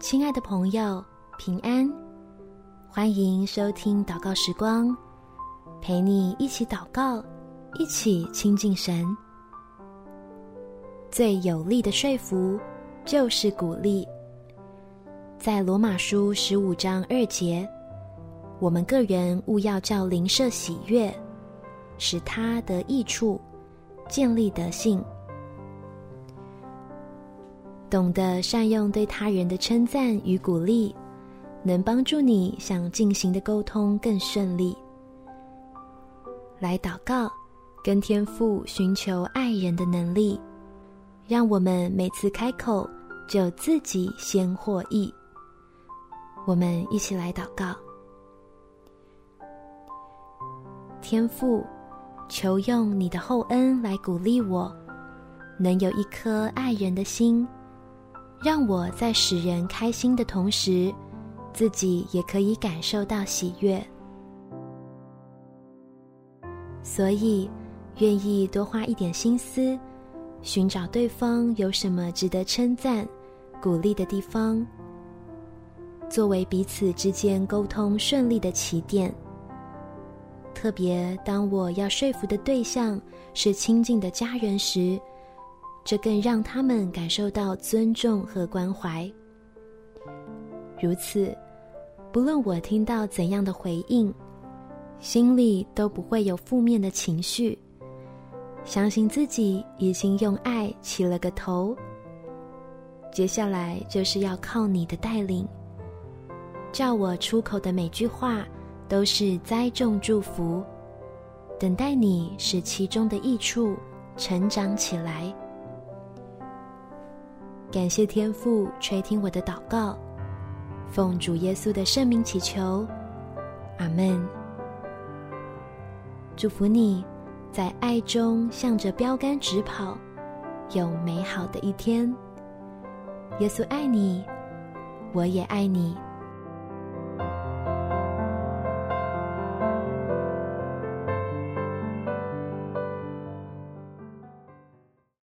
親愛的朋友，平安！歡迎收聽禱告時光，陪你一起禱告，一起親近神。最有力的說服就是鼓勵。在羅馬書十五章二節，我們各人務要叫鄰舍喜悅，使他得益處，建立德行。懂得善用對他人的稱讚與鼓勵，能幫助你想進行的溝通更順利。來禱告，跟天父尋求愛人的能力，讓我們每次開口就自己先獲益。我們一起來禱告，天父，求用你的厚恩來鼓勵我，能有一顆愛人的心。讓我在使人開心的同時，自己也可以感受到喜悅。所以，願意多花一點心思，尋找對方有什麼值得稱讚、鼓勵的地方，作為彼此之間溝通順利的起點。特別當我要說服的對象是親近的家人時。這更讓他們感受到尊重和關懷。如此，不論我聽到怎樣的回應，心裡都不會有負面的情緒。相信自己已經用愛起了個頭，接下來就是要靠祢的帶領。叫我出口的每句話都是栽種祝福，等待祢使其中的益處成長起來。感謝天父垂聽我的禱告，奉主耶穌的聖名祈求，阿門。祝福你在愛中向着標杆直跑，有美好的一天。耶穌愛你，我也愛你。